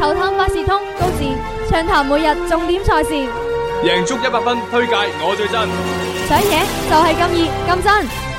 球探百事通，高手暢談每日重點賽事，贏足一百分，推介我最真，想贏就係咁易咁真。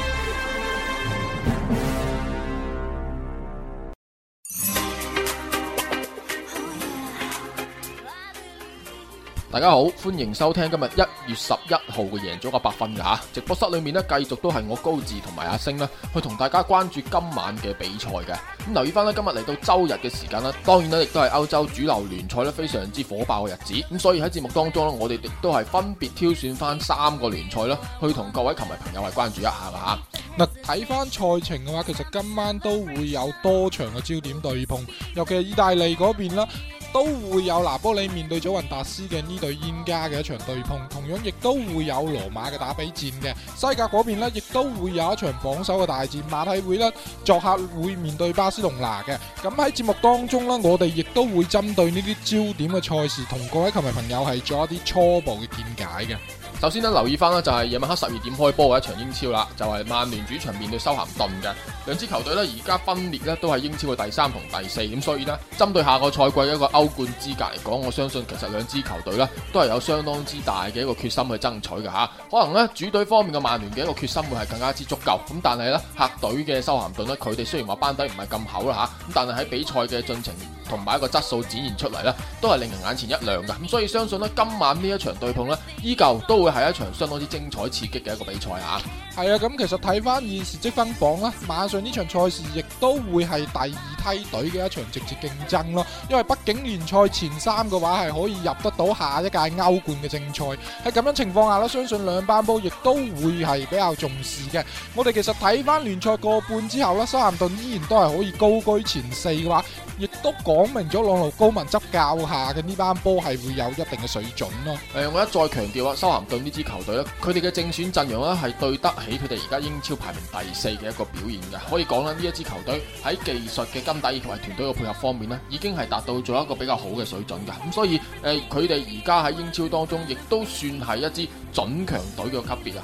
大家好，歡迎收聽今日一月十一號嘅贏足 100FUN 噶吓，直播室裏面呢，繼續都係我高志同埋阿星啦，去同大家關注今晚嘅比賽嘅。咁留意翻咧，今日嚟到周日嘅時間啦，當然咧亦都係歐洲主流聯賽咧非常之火爆嘅日子。咁所以喺節目當中呢，我哋亦都係分別挑選翻三個聯賽啦，去同各位球迷朋友係關注一下噶吓。嗱，睇翻賽程嘅話，其實今晚都會有多場嘅焦點對碰，尤其係意大利嗰邊啦。都會有拿波里面對祖雲達斯嘅呢對冤家嘅一場對碰，同樣亦都會有羅馬嘅打比戰嘅，西甲嗰邊呢亦都會有一場榜首嘅大戰，馬體會呢，作客會面對巴塞隆拿嘅。咁喺節目當中呢，我哋亦都會針對呢啲焦點嘅賽事，同各位球迷朋友係做一啲初步嘅見解嘅。首先咧，留意翻啦，就係夜晚黑十二點開波嘅一場英超啦，就係曼聯主場面對修咸頓嘅兩支球隊咧，而家分別咧，都係英超嘅第三同第四，咁所以呢，針對下個賽季嘅一個歐冠資格嚟講，我相信其實兩支球隊呢都係有相當之大嘅一個決心去爭取嘅吓，可能呢，主隊方面嘅曼聯嘅一個決心會係更加之足夠，咁但係呢，客隊嘅修咸頓呢，佢哋雖然話班底唔係咁厚啦吓，咁但係喺比賽嘅進程同埋一個質素展現出嚟呢，都係令人眼前一亮嘅，咁所以相信呢，今晚呢一場對碰呢，依舊都會。係一場相當之精彩刺激嘅一個比賽啊！係啊，咁其實睇翻現時積分榜啦，馬上呢場賽事亦都會係第二梯隊嘅一場直接競爭咯。因為畢竟聯賽前三嘅話係可以入得到下一屆歐冠嘅正賽。喺咁樣情況下啦，相信兩班波亦都會係比較重視嘅。我哋其實睇翻聯賽過半之後呢，修咸頓依然都係可以高居前四嘅話，亦都講明咗朗路高文執教下嘅呢班波係會有一定嘅水準咯。誒、呃，我一再強調啊，修咸頓呢支球隊咧，佢哋嘅正選陣容咧係對得。起佢哋而家英超排名第四嘅一個表現嘅，可以講啦，呢一支球隊喺技術嘅根底，以及係團隊嘅配合方面咧，已經係達到咗一個比較好嘅水準噶。咁、嗯、所以誒，佢哋而家喺英超當中，亦都算係一支。準強隊嘅個級別，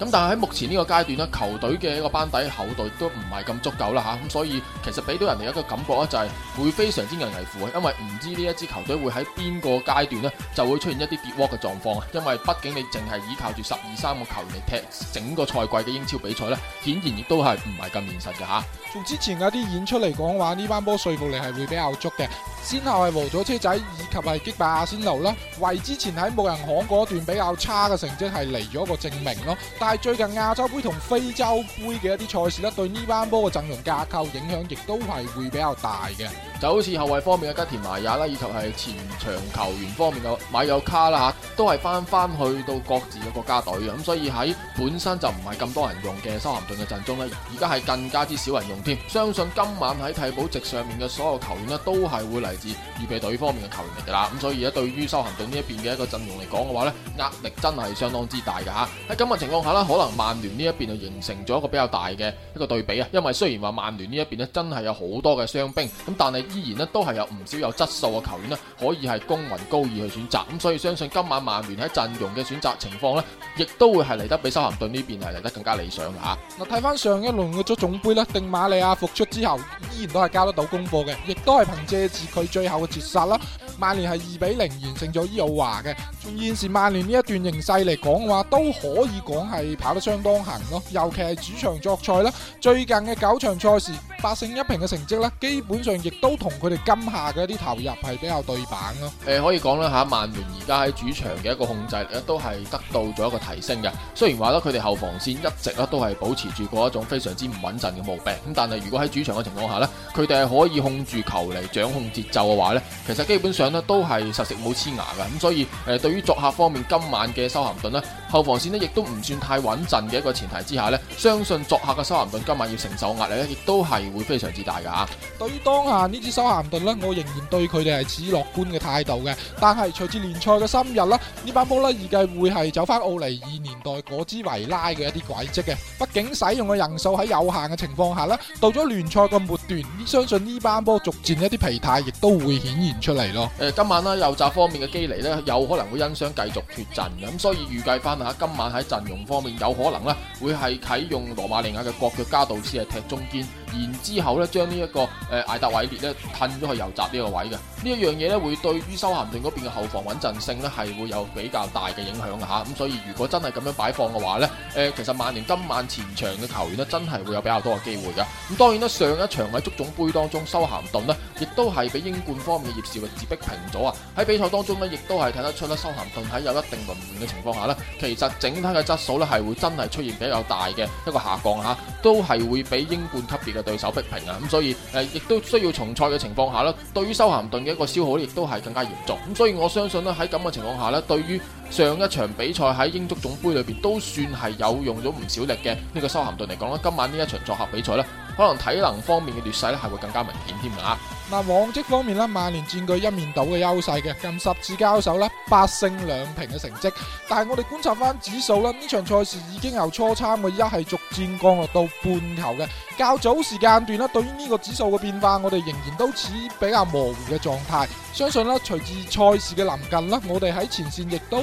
咁但係喺目前呢個階段咧，球隊嘅一個班底厚度都唔係咁足夠啦，嚇！咁所以其實俾到人哋一個感覺咧，就係會非常之危危乎啊！因為唔知呢一支球隊會喺邊個階段咧，就會出現一啲跌窩嘅狀況啊！因為畢竟你淨係依靠住十二三個球員嚟踢整個賽季嘅英超比賽呢，顯然亦都係唔係咁現實嘅嚇。從之前嗰啲演出嚟講話，呢班波説服力係會比較足嘅，先後係和咗車仔，以及係擊敗阿仙奴啦。為之前喺冇人行嗰段比較差嘅成。即係嚟咗一個證明咯，但係最近亞洲盃同非洲盃嘅一啲賽事咧，對呢班波嘅陣容架構影響，亦都係會比較大嘅。就好似後衞方面嘅吉田麻也啦，以及係前場球員方面嘅米有卡啦嚇，都係翻翻去到各自嘅國家隊啊。咁所以喺本身就唔係咁多人用嘅修咸頓嘅陣中呢，而家係更加之少人用添。相信今晚喺替補席上面嘅所有球員呢，都係會嚟自預備隊方面嘅球員嚟㗎啦。咁所以而家對於修咸頓呢一邊嘅一個陣容嚟講嘅話呢，壓力真係相當之大嘅嚇。喺咁嘅情況下呢，可能曼聯呢一邊就形成咗一個比較大嘅一個對比啊。因為雖然話曼聯呢一邊咧真係有好多嘅傷兵，咁但係。依然咧都係有唔少有質素嘅球員咧，可以係公民高義去選擇，咁所以相信今晚曼聯喺陣容嘅選擇情況咧，亦都會係嚟得比修咸頓呢邊係嚟得更加理想嚇、啊。嗱，睇翻上一輪嘅足總杯咧，定馬利亞復出之後，依然都係交得到功課嘅，亦都係憑借住佢最後嘅絕殺啦，曼聯係二比零完成咗伊奧華嘅。從現時曼聯呢一段形勢嚟講嘅話，都可以講係跑得相當行咯，尤其係主場作賽啦，最近嘅九場賽事，八勝一平嘅成績咧，基本上亦都同佢哋今夏嘅一啲投入係比較對版咯。誒，可以講啦嚇，曼聯而家喺主場嘅一個控制力咧，都係得到咗一個提升嘅。雖然話咧，佢哋後防線一直咧都係保持住嗰一種非常之唔穩陣嘅毛病，咁但係如果喺主場嘅情況下咧，佢哋係可以控住球嚟掌控節奏嘅話咧，其實基本上咧都係實食冇黐牙嘅。咁所以誒、呃，對於作客方面，今晚嘅修咸頓呢。後防線咧，亦都唔算太穩陣嘅一個前提之下咧，相信作客嘅修咸頓今晚要承受壓力咧，亦都係會非常之大噶。對於當下這支修呢支修咸頓，我仍然對佢哋係持樂觀嘅態度嘅。但係隨住聯賽嘅深入啦，呢班波呢，預計會係走翻奧尼爾年代嗰支維拉嘅一啲軌跡嘅。畢竟使用嘅人數喺有限嘅情況下啦，到咗聯賽嘅末段，相信呢班波逐漸一啲疲態，亦都會顯現出嚟咯。誒，今晚呢，右閘方面嘅機離呢，有可能會因傷繼續缺陣，咁所以預計翻。今晚喺，陣容方面，有可能會係啟用羅馬尼亞嘅國腳加道斯，係踢中堅。然之後咧，將、這個呃、呢一個誒艾達偉烈咧褪咗去右閘呢個位嘅，呢一樣嘢咧會對於修咸頓嗰邊嘅後防穩陣性咧係會有比較大嘅影響嚇，咁、啊、所以如果真係咁樣擺放嘅話咧，誒、呃、其實曼聯今晚前場嘅球員呢，真係會有比較多嘅機會嘅，咁、啊、當然啦，上一場喺足總杯當中，修咸頓呢亦都係俾英冠方面嘅葉士域治逼平咗啊，喺比賽當中呢，亦都係睇得出咧，修咸頓喺有一定輪換嘅情況下呢，其實整體嘅質素咧係會真係出現比較大嘅一個下降嚇、啊，都係會比英冠級別。嘅對手逼平啊，咁所以誒、呃，亦都需要重賽嘅情況下呢，對於修咸頓嘅一個消耗，亦都係更加嚴重。咁所以我相信呢，喺咁嘅情況下呢，對於上一場比賽喺英足總杯裏邊都算係有用咗唔少力嘅呢個修咸頓嚟講啦，今晚呢一場作客比賽咧，可能體能方面嘅劣勢咧係會更加明顯添嘅嗱，往績方面咧，曼聯佔據一面倒嘅優勢嘅，近十次交手咧八勝兩平嘅成績。但係我哋觀察翻指數啦，呢場賽事已經由初盤嘅一球逐漸降落到半球嘅。較早時間段啦，對於呢個指數嘅變化，我哋仍然都處於比較模糊嘅狀態。相信啦，隨住賽事嘅臨近啦，我哋喺前線亦都，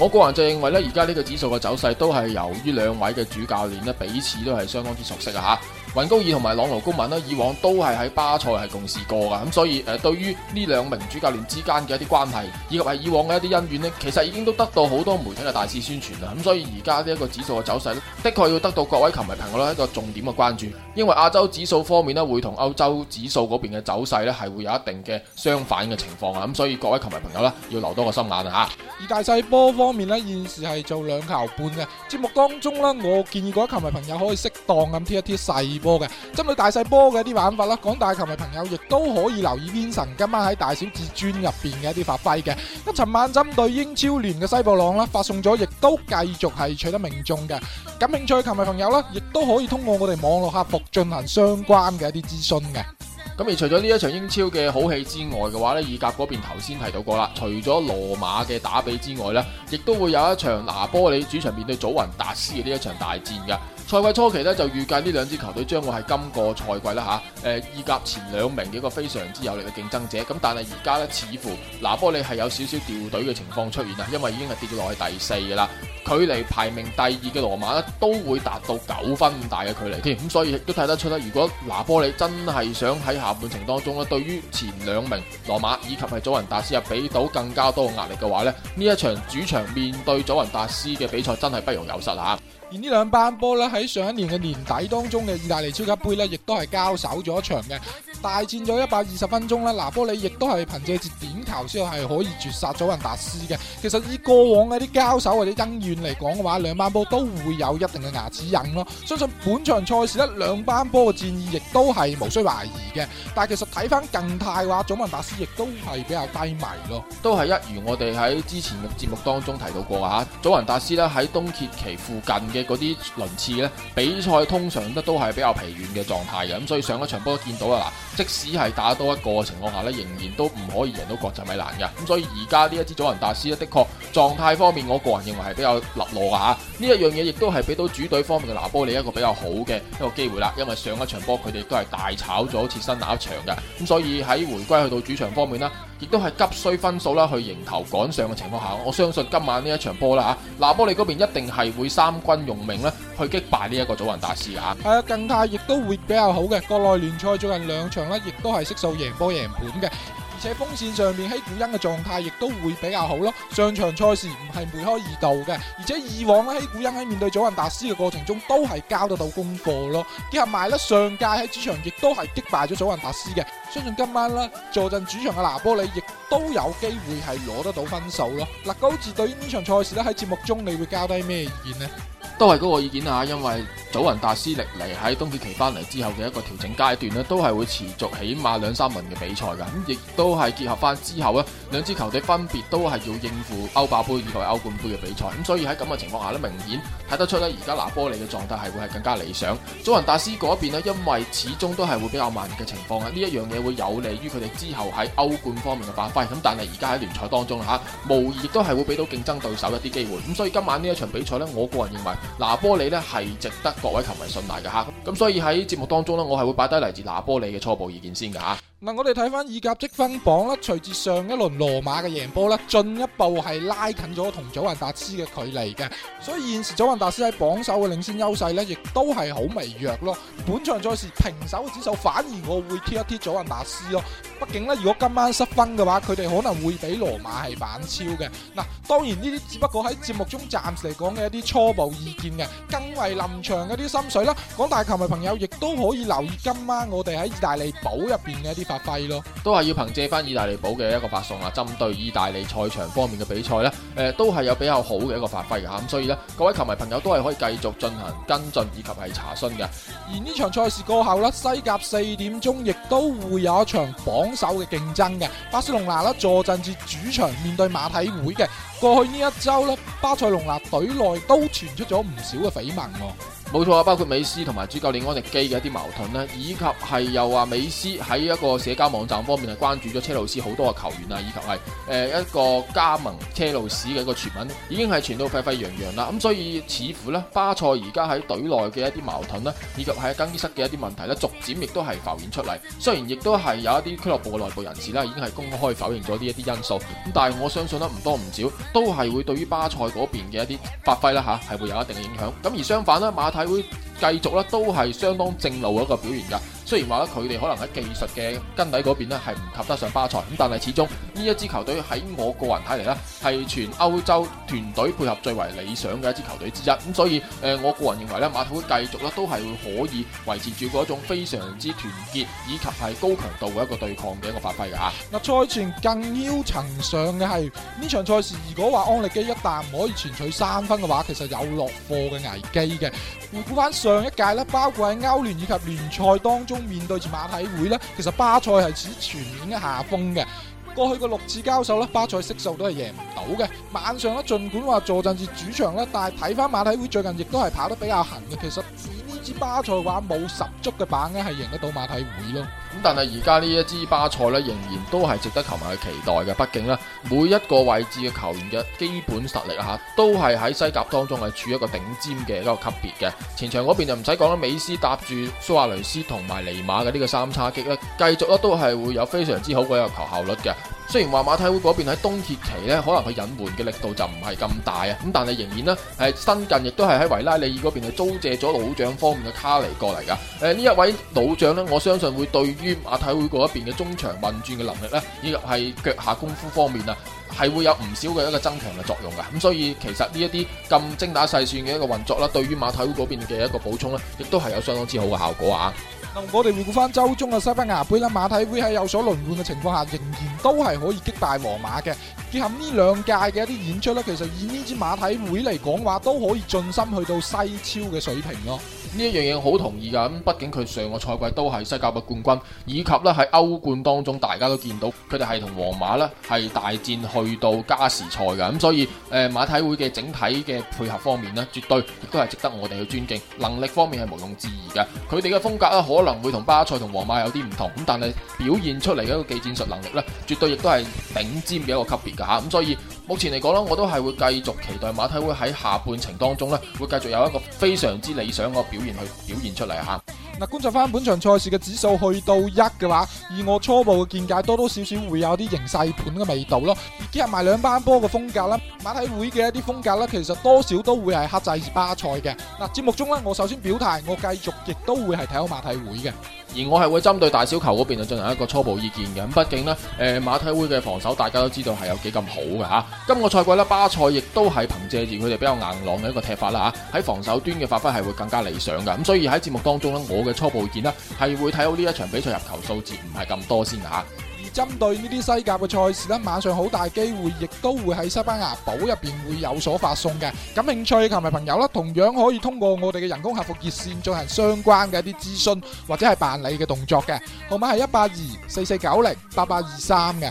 我個人就認為咧，而家呢個指數嘅走勢都係由於兩位嘅主教練咧，彼此都係相當之熟悉啊！吓，雲高爾同埋朗奴高文呢，以往都係喺巴塞係共事過噶，咁所以誒，對於呢兩名主教練之間嘅一啲關係，以及係以往嘅一啲恩怨呢，其實已經都得到好多媒體嘅大肆宣傳啦。咁所以而家呢一個指數嘅走勢呢，的確要得到各位球迷朋友呢一個重點嘅關注，因為亞洲指數方面呢，會同歐洲指數嗰邊嘅走勢呢，係會有一定嘅相反嘅情況啊。咁所以各位球迷朋友呢，要留多個心眼啊！吓。而大細波方面呢，現時係做兩球半嘅。節目當中呢，我建議各位球迷朋友可以適當咁貼一貼細波嘅，針對大細波嘅一啲玩法啦。廣大球迷朋友亦都可以留意邊神今晚喺大小至尊入邊嘅一啲發揮嘅。咁尋晚針對英超聯嘅西布朗呢，發送咗，亦都繼續係取得命中嘅。感興趣嘅球迷朋友呢，亦都可以通過我哋網絡客服進行相關嘅一啲諮詢嘅。咁而除咗呢一場英超嘅好戲之外嘅話呢，意甲嗰邊頭先提到過啦，除咗羅馬嘅打比之外呢，亦都會有一場拿波里主場面對祖雲達斯嘅呢一場大戰嘅。賽季初期呢，就預計呢兩支球隊將會係今個賽季啦嚇誒、呃，意甲前兩名嘅一個非常之有力嘅競爭者，咁但係而家咧，似乎拿波利係有少少掉隊嘅情況出現啊，因為已經係跌咗落去第四噶啦，距離排名第二嘅羅馬咧，都會達到九分咁大嘅距離添，咁所以亦都睇得出啦。如果拿波利真係想喺下半程當中咧，對於前兩名羅馬以及係祖雲達斯呀俾到更加多嘅壓力嘅話咧，呢一場主場面對祖雲達斯嘅比賽真係不容有失吓。而呢兩班波呢，喺上一年嘅年底當中嘅意大利超級杯呢，亦都係交手了。咗場嘅大戰咗一百二十分鐘咧，嗱波利亦都係憑借住點球先係可以絕殺祖雲達斯嘅。其實以過往嘅啲交手或者恩怨嚟講嘅話，兩班波都會有一定嘅牙齒印咯。相信本場賽事呢，兩班波嘅戰意亦都係無需懷疑嘅。但係其實睇翻近態話，祖雲達斯亦都係比較低迷咯。都係一如我哋喺之前嘅節目當中提到過啊，祖雲達斯呢，喺冬歇期附近嘅嗰啲輪次呢，比賽通常咧都係比較疲軟嘅狀態嘅。咁所以上一場。波見到啊，嗱，即使係打多一個情況下咧，仍然都唔可以贏到國際米蘭嘅。咁所以而家呢一支祖雲達斯咧，的確狀態方面我個人認為係比較落落嘅吓。呢一樣嘢亦都係俾到主隊方面嘅拿波利一個比較好嘅一個機會啦。因為上一場波佢哋都係大炒咗切身那一場嘅。咁所以喺回歸去到主場方面咧。亦都係急需分數啦，去迎頭趕上嘅情況下，我相信今晚呢一場波啦嚇，拿坡里嗰邊一定係會三軍用命咧，去擊敗呢一個祖雲達斯嚇。係近態亦都會比較好嘅，國內聯賽最近兩場呢亦都係悉數贏波贏盤嘅。而且風扇上面希古恩嘅狀態亦都會比較好咯。上場賽事唔係梅開二度嘅，而且以往咧希古恩喺面對祖雲達斯嘅過程中都係交得到功課咯。結合埋啦，上屆喺主場亦都係擊敗咗祖雲達斯嘅，相信今晚啦坐鎮主場嘅拿波里亦都有機會係攞得到分數咯。嗱，高治對於呢場賽事咧喺節目中你會交低咩意見呢？都係嗰個意見啊，因為祖雲達斯歷嚟喺冬歇期翻嚟之後嘅一個調整階段呢，都係會持續起碼兩三輪嘅比賽噶，咁亦都係結合翻之後呢兩支球隊分別都係要應付歐霸杯以及歐冠杯嘅比賽，咁所以喺咁嘅情況下呢，明顯睇得出呢，而家拿波利嘅狀態係會係更加理想，祖雲達斯嗰邊呢，因為始終都係會比較慢嘅情況啊，呢一樣嘢會有利於佢哋之後喺歐冠方面嘅發揮，咁但係而家喺聯賽當中吓，無疑亦都係會俾到競爭對手一啲機會，咁所以今晚呢一場比賽呢，我個人認為。拿波里咧係值得各位球迷信賴嘅哈，咁所以喺節目當中咧，我係會擺低嚟自拿波里嘅初步意見先嘅吓。嗱，我哋睇翻意甲積分榜啦，隨住上一輪羅馬嘅贏波啦，進一步係拉近咗同祖雲達斯嘅距離嘅，所以現時祖雲達斯喺榜首嘅領先優勢咧，亦都係好微弱咯。本場賽事平手指數，反而我會貼一貼祖云達斯咯。畢竟咧，如果今晚失分嘅話，佢哋可能會俾羅馬係反超嘅。嗱，當然呢啲只不過喺節目中暫時嚟講嘅一啲初步意見嘅，更為臨場嘅啲心水啦。廣大球迷朋友亦都可以留意今晚我哋喺意大利寶入邊嘅一啲發揮咯。都係要憑借翻意大利寶嘅一個發送啊，針對意大利賽場方面嘅比賽呢，誒、呃、都係有比較好嘅一個發揮嘅嚇。咁所以咧，各位球迷朋友都係可以繼續進行跟進以及係查詢嘅。而呢場賽事過後呢，西甲四點鐘亦都會有一場榜手嘅競爭嘅，巴塞隆拿咧坐陣至主場面對馬體會嘅，過去呢一周咧，巴塞隆拿隊內都傳出咗唔少嘅緋聞。冇錯啊，包括美斯同埋主教練安迪基嘅一啲矛盾咧，以及係又話美斯喺一個社交網站方面係關注咗車路士好多嘅球員啊，以及係誒一個加盟車路士嘅一個傳聞，已經係傳到沸沸揚揚啦。咁所以似乎呢，巴塞而家喺隊內嘅一啲矛盾咧，以及喺更衣室嘅一啲問題咧，逐漸亦都係浮現出嚟。雖然亦都係有一啲俱樂部嘅內部人士咧，已經係公開否認咗呢一啲因素，咁但係我相信呢，唔多唔少都係會對於巴塞嗰邊嘅一啲發揮啦嚇，係會有一定嘅影響。咁而相反呢，馬係會繼續啦，都係相當正路一個表現噶。雖然話咧佢哋可能喺技術嘅根底嗰邊咧係唔及得上巴塞，咁但係始終呢一支球隊喺我個人睇嚟咧係全歐洲團隊配合最為理想嘅一支球隊之一，咁所以誒我個人認為咧馬體會繼續咧都係會可以維持住嗰種非常之團結以及係高強度嘅一個對抗嘅一個發揮嘅吓。嗱，賽前更囂塵上嘅係呢場賽事，如果話安力基一旦唔可以全取三分嘅話，其實有落課嘅危機嘅。回顧翻上一屆咧，包括喺歐聯以及聯賽當中。面對住馬體會，其實巴塞係處於全面嘅下風嘅。過去嘅六次交手，巴塞色數都係贏唔到嘅。晚上咧，盡管話坐陣至主場但係睇翻馬體會最近亦都係跑得比較行嘅。其實以呢支巴塞嘅話，冇十足嘅把握係贏得到馬體會咯。咁但係而家呢一支巴塞咧，仍然都係值得球迷去期待嘅。畢竟咧，每一個位置嘅球員嘅基本實力吓，都係喺西甲當中係處於一個頂尖嘅一個級別嘅。前場嗰邊就唔使講啦，美斯搭住蘇亞雷斯同埋尼馬嘅呢個三叉戟咧，繼續咧都係會有非常之好嘅入球效率嘅。雖然話馬體會嗰邊喺冬歇期咧，可能佢引援嘅力度就唔係咁大啊，咁但係仍然呢，係新近亦都係喺維拉利爾嗰邊係租借咗老將方面嘅卡嚟過嚟噶。誒、呃，呢一位老將呢，我相信會對於馬體會嗰一邊嘅中場運轉嘅能力呢，以及係腳下功夫方面啊，係會有唔少嘅一個增強嘅作用噶。咁所以其實呢一啲咁精打細算嘅一個運作啦，對於馬體會嗰邊嘅一個補充呢，亦都係有相當之好嘅效果啊。我哋回顧返周中嘅西班牙杯啦，馬體會喺有所輪換嘅情況下，仍然都係可以擊敗皇馬嘅。結合呢兩屆嘅一啲演出咧，其實以呢支馬體會嚟講話，都可以盡心去到西超嘅水平咯。呢一樣嘢好同意噶，咁畢竟佢上個賽季都係西甲嘅冠軍，以及咧喺歐冠當中，大家都見到佢哋係同皇馬咧係大戰去到加時賽嘅。咁所以，誒、呃、馬體會嘅整體嘅配合方面咧，絕對亦都係值得我哋去尊敬。能力方面係毋庸置疑嘅，佢哋嘅風格咧可能會同巴塞同皇馬有啲唔同，咁但係表現出嚟嘅一個技戰術能力咧，絕對亦都係頂尖嘅一個級別。咁、嗯，所以目前嚟講咧，我都係會繼續期待馬體會喺下半程當中咧，會繼續有一個非常之理想嘅表現去表現出嚟。嗱，觀察翻本場賽事嘅指數去到一嘅話，以我初步嘅見解，多多少少會有啲形勢盤嘅味道咯。結合埋兩班波嘅風格啦，馬體會嘅一啲風格啦，其實多少都會係克制巴塞嘅。嗱，節目中咧，我首先表態，我繼續亦都會係睇好馬體會嘅，而我係會針對大小球嗰邊就進行一個初步意見嘅。咁畢竟咧，誒馬體會嘅防守大家都知道係有幾咁好嘅吓。今個賽季啦，巴塞亦都係憑借住佢哋比較硬朗嘅一個踢法啦吓，喺防守端嘅發揮係會更加理想嘅。咁所以喺節目當中咧，我嘅初步見呢，係會睇到呢一場比賽入球數字唔係咁多先吓。而針對呢啲西甲嘅賽事呢，晚上好大機會，亦都會喺西班牙堡入邊會有所發送嘅。感興趣球迷朋友啦，同樣可以通過我哋嘅人工客服熱線進行相關嘅一啲諮詢或者係辦理嘅動作嘅，號碼係一八二四四九零八八二三嘅。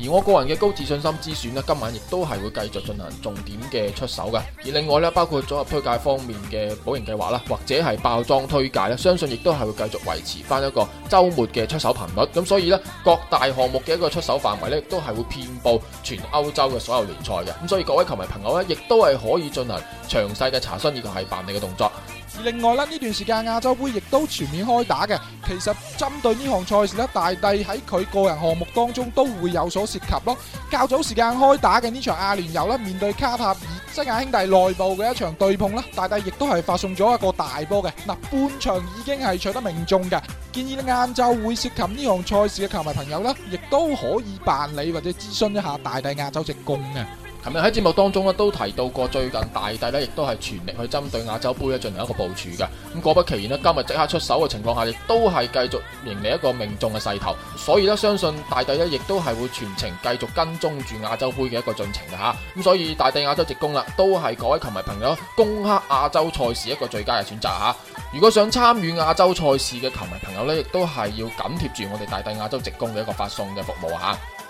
而我個人嘅高自信心之選呢，今晚亦都係會繼續進行重點嘅出手嘅。而另外呢包括組合推介方面嘅保營計劃啦，或者係爆莊推介相信亦都係會繼續維持翻一個周末嘅出手頻率。咁所以呢各大項目嘅一個出手範圍都係會遍布全歐洲嘅所有聯賽嘅。咁所以各位球迷朋友咧，亦都係可以進行詳細嘅查詢以及係辦理嘅動作。而另外呢段時間亞洲杯亦都全面開打嘅，其實針對呢項賽事呢，大帝喺佢個人項目當中都會有所涉及咯。較早時間開打嘅呢場亞聯游面對卡塔爾西亞兄弟內部嘅一場對碰，大帝亦都係發送咗一個大波嘅。嗱，半場已經係取得命中嘅，建議呢晏晝會涉及呢項賽事嘅球迷朋友亦都可以辦理或者諮詢一下大帝亞洲直供琴日喺節目當中咧都提到過，最近大帝咧亦都係全力去針對亞洲杯咧進行一個部署嘅。咁果不其然呢今日即刻出手嘅情況下，亦都係繼續迎嚟一個命中嘅勢頭。所以咧，相信大帝咧亦都係會全程繼續跟蹤住亞洲杯嘅一個進程嘅吓。咁所以，大帝亞洲直攻啦，都係各位球迷朋友攻克亞洲賽事一個最佳嘅選擇吓。如果想參與亞洲賽事嘅球迷朋友咧，亦都係要緊貼住我哋大帝亞洲直攻嘅一個發送嘅服務吓。